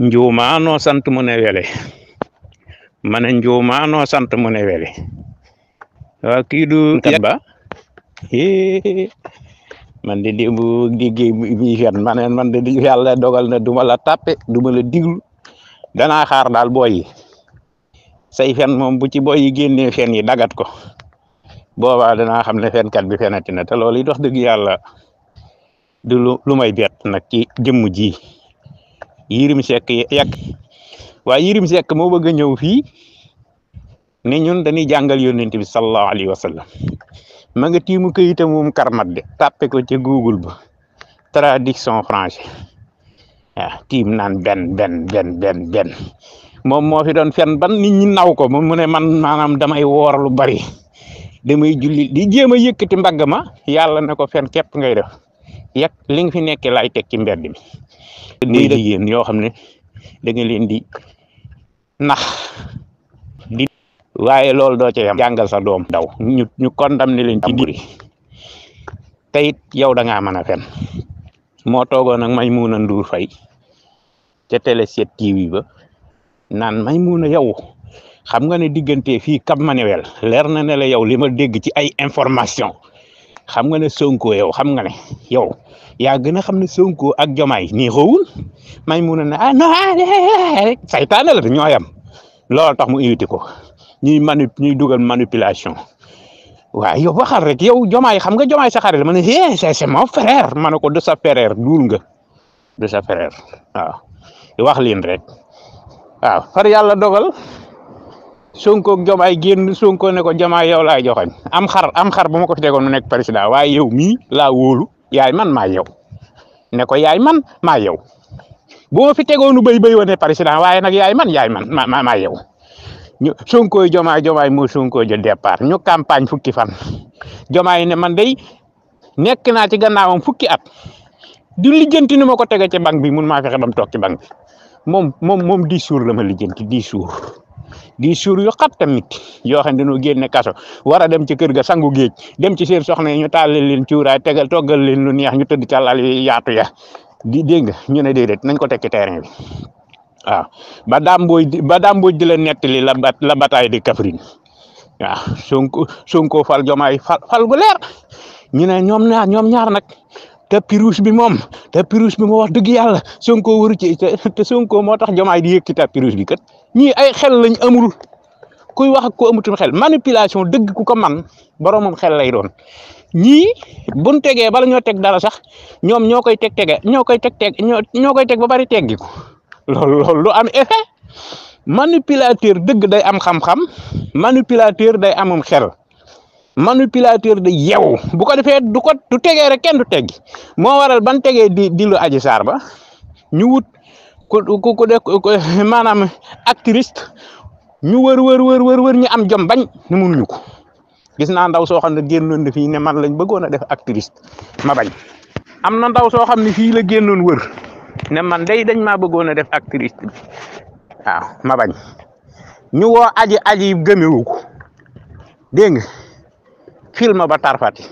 no sant mu newele wele njuma no sant mu newele wa ki du kat ba man de debu déggee bi fet ma man de yalla dogal na duma la tapé duma la diglu dana xaar dal boy say fen mom bu ci boy yi fen yi dagat ko boba dana xam fen kat bi fenati na te loluy dox dëgg du lu may bett ci jëm ji Yirim Seck yak wa Yirim Seck mo bëgg a ñëw fii ne ñun dañuy jàngal yonent bi sallallahu alayhi wasallam ma nga tiimu këyitam mum karmat de tapé ko ci google ba traduction français ya tim nan ben ben ben ben ben mom mo fi don fen ban nit ñi naw ko mu ne man manam damay wor lu bari damay julli di jema a mbagama yalla ma ya lana ko fen kep ngay def yak li fi nekk lay tek ci mbedd nii la jigéen yoo xam ne da nga leen di nax di waaye loolu doo ca yam jàngal sa doom daw ñu ñu condamné leen ci diir te it yow da ngaa mën a fen moo toogoon ak Maimouna Ndour Faye ca télé 7TV ba naan Maimouna yow xam nga ne diggante fii Cap Manuel leer na ne la yow li ma dégg ci ay information xam nga ne Sonko yow xam nga ne yow yaa gën a xam ne Sonko ak Jomaay nii xawul may mun a ne ah non ah, eh, eh, eh, rek saytaane la ñoo yam loolu tax mu invité ko ñuy mani ñuy dugal manipulation waaw yow waxal rek yow Jomaay xam nga jomay sa xarit ma ne eh c'est mon ne ko de sa frère duul nga de sa frère waaw wax leen rek waaw far yàlla dogal. Sonko jom ay génn Sonko ne ko jamaa yow laay joxañ am xar am xar bu ma ko fi tegoon mu nekk président waaye yow mii laa wóolu yaay man maa yow ne ko yaay man maa yow bu ma fi tegoonu béy béy wane président waaye nag yaay man yaay man ma maa yow ñu Sonko jomaay jomaay moo Sonko jël départ ñu campagne fukki fan jomaay ne man day nekk naa ci gannaawam fukki at du lijjanti nu ma ko tege ci banque bi mun maa fexe ba mu toog ci banque bi moom moom moom dix jours la ma lijjanti dix jours. di suur yu xat tamit yoo xam ne dañoo génne kaso war a dem ci kër ga sangu géej dem ci seen soxna yi ñu tàllal leen cuuraay tegal toggal leen lu neex ñu tëdd ca lal yaatu ya di dégg ñu ne déedéet nañ ko tekki terrain bi waaw ba dàmbooj ba dàmbooj di la nettali la bat de Kaffrine waaw Sonko Sonko fal jomaay fal fal gu ñu ne ñoom ñaar ñoom ñaar nag te rouge bi mom te rouge bi mo wax deug yalla Sonko wuru ci te Sonko moo tax jomaay di yekki ta rouge bi kat ñi ay xel lañ amul kuy wax ak ko amutum xel manipulation deug ku ko man boromam xel lay doon ñi buñ tege bala ñoo tek dara sax ñom ñokay tek tege ñokay tek tek ñokay tek ba bari teggiku lool lool lu am effet manipulateur deug day am xam-xam manipulateur day amum xel manipulateur de yeewu bu ko defee du ko du tegee rek kenn du teggi moo waral ban tegee di di lu aji saar ba ñu wut ku ku ku maanaam activiste ñu wër wër wër wër wër ñu am jom bañ ñu mënuñu ko gis naa ndaw soo xam ne génnoon na fii ne man lañ bëggoon a def activiste ma bañ am na ndaw soo xam ne fii la génnoon wër ne man day dañ maa bëggoon a def activiste bi waaw ma bañ ñu woo aji aji gëmewu ko dégg nga fil ma ba tarfati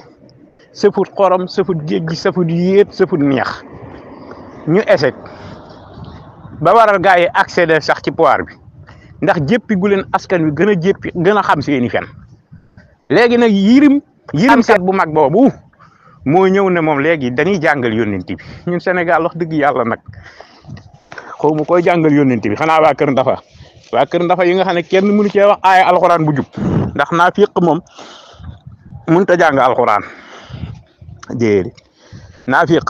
safut xorom safut géej gi safut yéet safut neex ñu échec ba waral gaa yi accéder sax ci pouvoir bi ndax jéppi gu leen askan wi gën a jéppi gën a xam seeni fen léegi nag yirim yirim set bu mag boobu moo ñëw ne moom léegi dañuy jàngal yónnent bi ñu senegal wax dëgg yàlla nag xaw ma koy jàngal yónnent bi xanaa waa Kër Ndafa waa Kër Ndafa yi nga xam ne kenn mënu cee wax aaya alxuraan bu jub ndax naa fiq moom munta jang alquran jéeri nafiq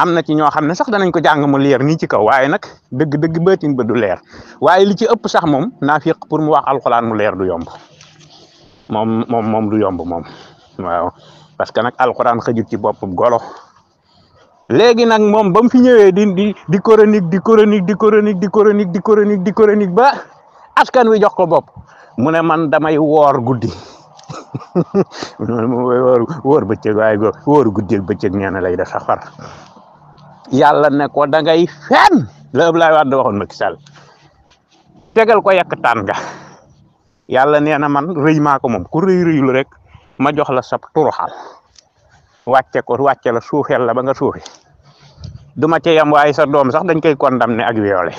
amna ci ño xamne sax danañ ko jang mu leer ni ci kaw waye nak deug deug bëtin ba du leer waye li ci ëpp sax mom nafiq pour mu wax alquran mu leer du yomb mom mom mom du yomb mom waaw parce que nak alquran xëjut ci bop golo léegi nak mom bam fi di di di chronique di chronique di chronique di chronique di chronique di chronique ba askan wi jox ko bop mune man damay wor guddii loolu moom mooy wóor wóor bëccëg waaye go wóor guddeeg bëccëg nee na lay def sax yàlla ne ko dangay ngay fenn la Abdoulaye Wade waxoon ma kisal tegal ko yàq taan nga yàlla nee na man rëy maa ko moom ku rëy rëyul rek ma jox la sab turuxal wàcce ko wàcce la suuxeel la ba nga suufi duma ci yam waaye sa doom sax dañ koy ne ak violé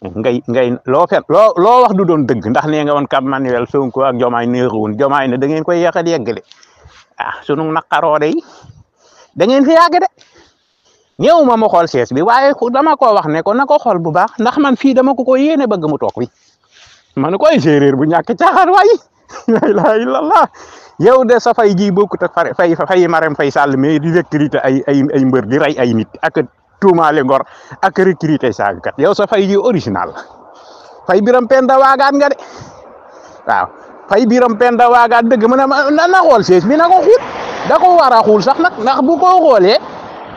ngay ngay loo loo loo wax du doon dëgg ndax nee nga woon Cap Manuel Sonko ak Jomaay neexuwoon Jomaay ne da ngeen koy yàq di yeggale ah sunu naqaroo de da fi yàgg de ñëw ma ma xool sees bi waaye dama ko wax ne ko na ko xool bu baax ndax man fii dama ko ko yéene bëgg mu toog fi man koy séeréer bu ñàkk caaxaan waay la yow de sa fay ji bokkut ak fay fay marem fay sàll mais di recruter ay ay ay mbër di rey ay nit ak le ngor ak recruter kat yow sa fay ji original fay biram penda wagan nga de waw nah, fay biram penda wagan deug mu na na xol ses mi na ko xut da ko wara xul sax nak nak bu ko xoolee eh?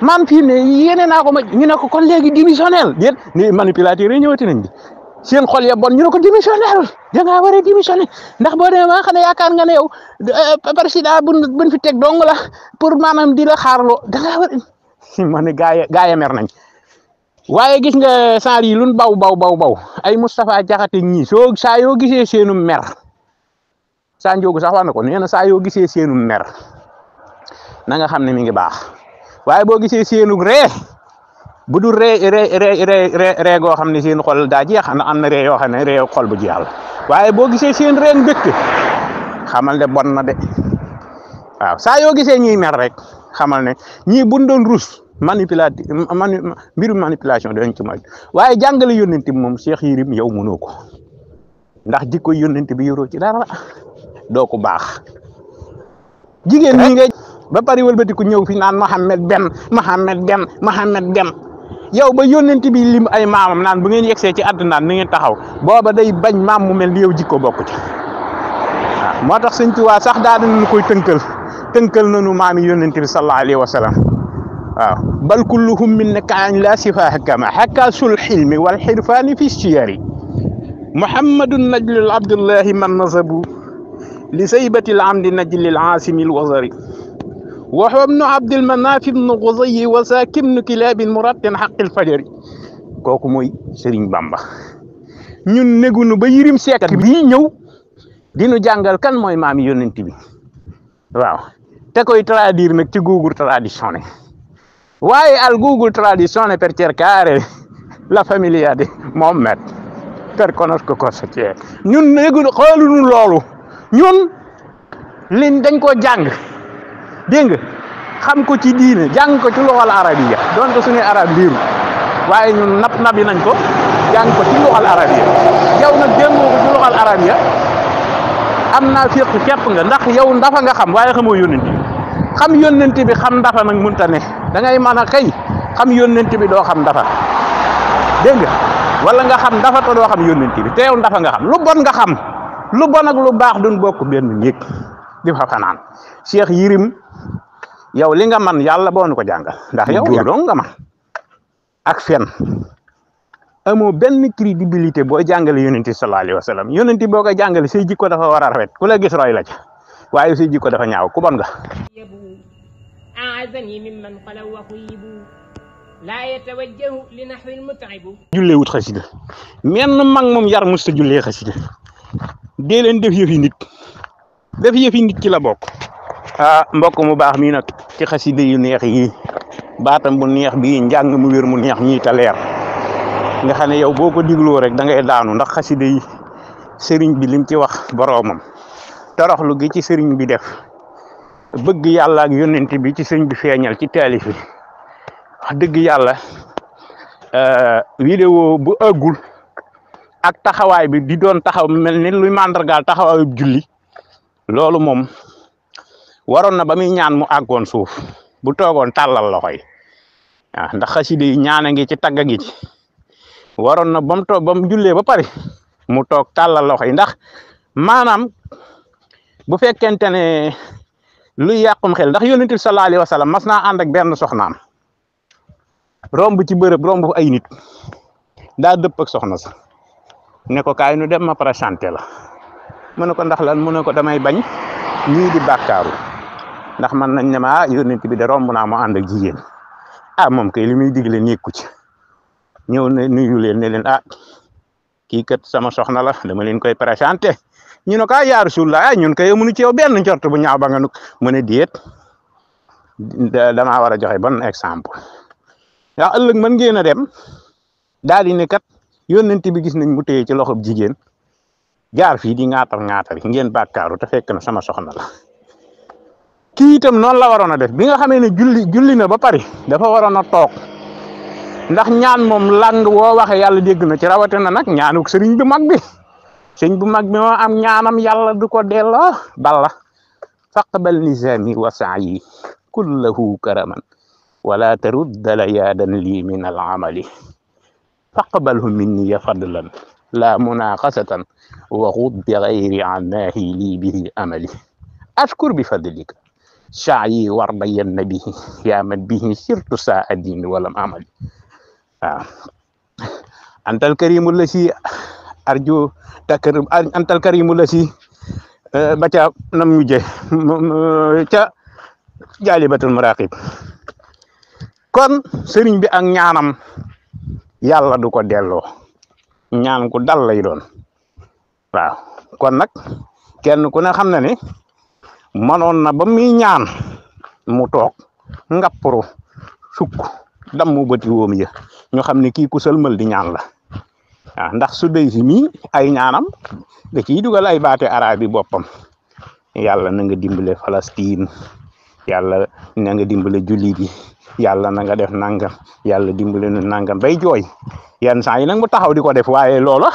man fi ne yene iya na ko ñu ne ko kon legui dimissionnel déet ni manipulateur ñewati nañ di seen xol ya bon ñu ne ko dimissionnel da nga wara dimissionnel ndax bo kan dem wax na xam nga ne yow eh, president bu fi tek dong la pour manam di la xarlo da nga wara ma ne gaa gaa mer nañ waaye gis nga saar yi luñ baw baw ay Moustapha Diakhaté ñi soo saa yoo gisee seenu mer saa njóogu sax wax ko nee saa yoo gisee seenu mer na nga xam ne mi ngi baax waaye boo gisee seenu ree bu dul ree ree goo xam ne seen xol daa jeex na am na ree yoo xam ne ree xol bu jeexal waaye boo gisee seen reen bëkk xamal de bon de waaw saa yoo gisee ñuy mer rek. xamal ne ñi buñ doon rus manipulation man manipulation dañ ci moy waye jangale yonenti mom cheikh yirim yow mënoko ndax jikko yonenti bi yoro ci dara do ko bax jigen ñi nga ba pare ku ñew fi naan mohammed ben mohammed ben mohammed ben yow ba yonenti bi lim ay mamam naan bu ngeen yegsee ci aduna ni ngeen taxaw boba day bañ maam mu mel yow jikko bokku ci motax seigne touba sax daal dañ koy teunkeul tënkal nañu maami yonent bi sallallahu alayhi wa sallam waaw bal kulluhum min kaan la sifa hakama hakasul xilmi wal fi siyari muhammadun najlul abdullahi man nasabu li saybati l amdi najlil aasimi l wasari waxwa bnu abdil manaafi bnu xusayi wa saaki bnu kilaabin murattin xaqil fajari kooku moy Serigne Bamba ñun négunu ba yirim seekat bii ñëw dinu jàngal kan mooy maam yonent te koy traduire nag ci Google waaye al Google Traduction per cercare la famiglia di Mohammed per conosco cosa c'è ñun léegi xooluñu loolu ñun liñ dañ ko jàng dégg nga xam ko ci diine jàng ko ci loxol arabiya donte suñuy arab liiru waaye ñun nap nabi nañ ko jàng ko ci loxol arabiya yow nag jàng ko ci loxol arabiya am naa féq képp nga ndax yow ndafa nga xam waaye xamoo yónnent bi xam yónnent bi xam ndafa nag mënta ne da ngay mën a xëy xam yónnent bi doo xam ndafa dégg nga wala nga xam ndafa te doo xam yónnent bi te yow ndafa nga xam lu bon nga xam lu bon ak lu baax duñ bokk benn néeg di fa fanaan Cheikh Yirim yow li nga man yàlla bo nu ko jàngal ndax yow yow dong nga man ak fen amo benn crédibilité boo jàngale yonente sallallahu alayhi wasallam sallam boko boo sey jikko dafa wara a rafet ku gis roy la ci waye sey jikko dafa ñaaw ku bon nga a'azani mimman أعزني ممن قلوا وخيبوا لا يتوجه لنحو المتعب julle wut khassida men ماك mom yar musta julle khassida de len def yefi nit def yefi nit ci la bok ah mbok mu bax mi nak ci khassida yu neex yi batam bu neex bi njang mu wër mu neex ñi ta leer nga xam yow boko ko rek da ngay daanu ndax xasside yi serigne bi lim ci wax torox lu gi ci serigne bi def bëgg yalla ak yonenti bi ci serigne bi feñal ci talif bi wax yalla euh vidéo bu agul. ak taxaway bi di doon taxaw melni luy mandargal taxaway bi julli lolu mom waron na bamuy ñaan mu àggoon suuf bu togon talal loxoy ndax xasside yi ñaanangi ci tagga gi waron na bam to bam ba ba pare mu tok talal loxo yi ndax salali bu masna ne luy yàqum xel ndax yonent bi sallallahu alaihi wasallam masna and ak ben soxnam romb ci bërëb romb ay nit da depp ak soxna sa ne ko kay nu dem ma para chanter la mu ko ndax lan mu ko damay bañ ni di bakaru ndax man nañ ne ma ah, yonent bi de romb na mo and ak jigen ah mom kay digle neeku ci ñew ne nuyu leen ne leen ah ki kat sama soxna la dama leen koy présenté ñu ne ko ya yaa ay ñun kay amuñu ci yow ben njort bu ñaaw ba nga nuk mu ne déet damaa war joxe bon exemple ya ëlëk man ngeena dem dal di ne kat yónnent bi gis nañ mu téye ci loxob jigen jaar fi di ngeen ta fekk na sama soxna la ki itam non la warona def bi nga xamee ne julli julli na ba pari dafa warona tok ndax ñaan mom lang wo waxe yàlla dégg na ci rawate na nak ñaanuk serigne bu mag bi serigne bu mag bi mo am ñaanam yàlla du ko delo balla faqbal nisaami wa sa'i kulluhu karaman wala tarudda layaadan lii min al amali faqbalhu minni ya fadlan لا مناقصة وغض بغير عناه لي به أملي أشكر بفضلك شعي وارضين به يا من به سرت ساء الدين ولم أمل waaw antal karimu la si arju takrim antal karimu la si eh, ba ca nam ñu je ca kon sëriñ bi ak ñaanam yàlla du ko delloo ñaan ku dal lay doon waaw kon nag kenn ku ne xam na ne manoon na ba muy ñaan mu toog ngappuru sukk mo bëti woom ya ñoo xam ne kii ku sëlmal di ñaan la waaw ah, ndax su dey si ay ñaanam da ciy dugal ay baate araab yi boppam yàlla na nga dimbale Palestine yàlla na nga dimbale jullit yi yàlla na nga def nangam yàlla dimbale nu nangam bay jooy yenn saa yi nag mu taxaw di ko def waaye loola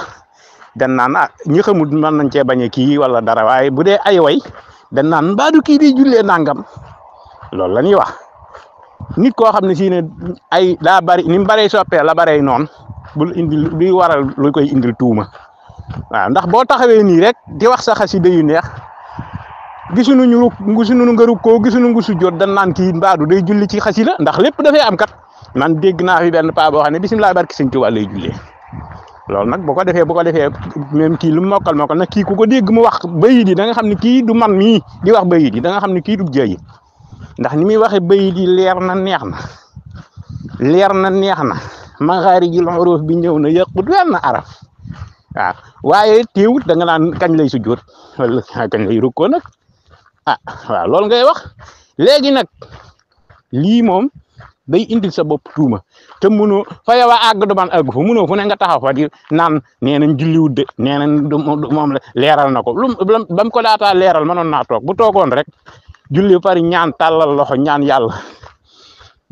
dan naan ah ñi xamul mën nañ cee bañ a kii wala dara waaye bu dee ay way dan naan mbaadu kii di jullee nangam loolu la ñuy wax. nit ko xam ci ne ay la bari ni mbare soppe la non bul indi bi waral lu koy indi tuuma wa ndax bo taxawé ni rek di wax sa xasside yu neex gisunu ñu ngusunu nga ko gisunu ngusu jot dan nan ki mbaadu day julli ci xasila ndax da fay am kat man dégg na fi ben pa bo xam bismillah barki seigne touba lay julle lol nak boko defé boko defé même ki lu mokal mokkal nak ki ku ko mu wax bayyi di da nga xamni ki du man mi di wax bayyi di da nga xamni ki du jeeyi ndax ni mi waxe beuy di leer na neex na leer na neex na maxaarijul xuruf bi ñew na yàqut wenn araf waaye teewut da nga nan kañ lay sujjóot wala kañ lay rukkoo nak ah waaw ngay wax legi nak li mom day indi sa bop tuuma te mënoo fa yow a àgg du man àgg fa mënoo fu ne nga taxaw fa di nan nee julli wud de mom leral nako la bam ko daataa leral manon na tok bu togon rek julli pare ñaan talal loxo ñaan yàlla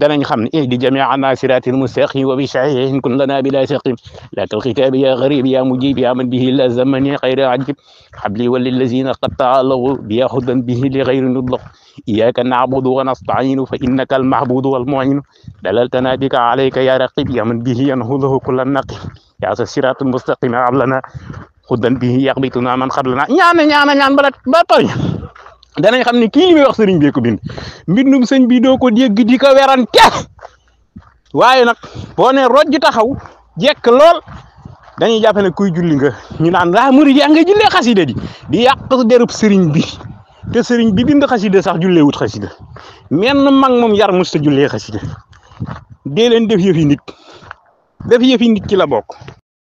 danañ xamni ne di jamia nasirati siratil mustaqim wa bi sha'ihin kun lana bila saqim lakal khitab ya gharib ya mujib ya man bihi la zamani xayra ajib habli wal lillazina qad taalagu bi yahudan bihi li xayri nudlaq iyyaka na'budu wa nastainu fa innaka al-mahbud wal mu'in dalaltana bika alayka ya raqib ya man bihi yanhudahu kula naqi ya sirat al mustaqim ablana hudan bihi yaqbituna man qablana ñaan ñaan ñaan balat ba pari danañ xam ne kii li muy wax sëriñ bee ko bind mbindum sëñ bi doo ko dégg di ko werante waaye nag boo nee roj taxaw jekk lool dañuy jàpp ne kuy julli nga ñu naan laa murid yaa nga jullee xasida di di yàq derub sëriñ bi te sëriñ bi bind xasida sax jullee wut xasida menn mag moom yar musta jullee xasida dee leen def yëfi nit def yëfi nit ci la bokk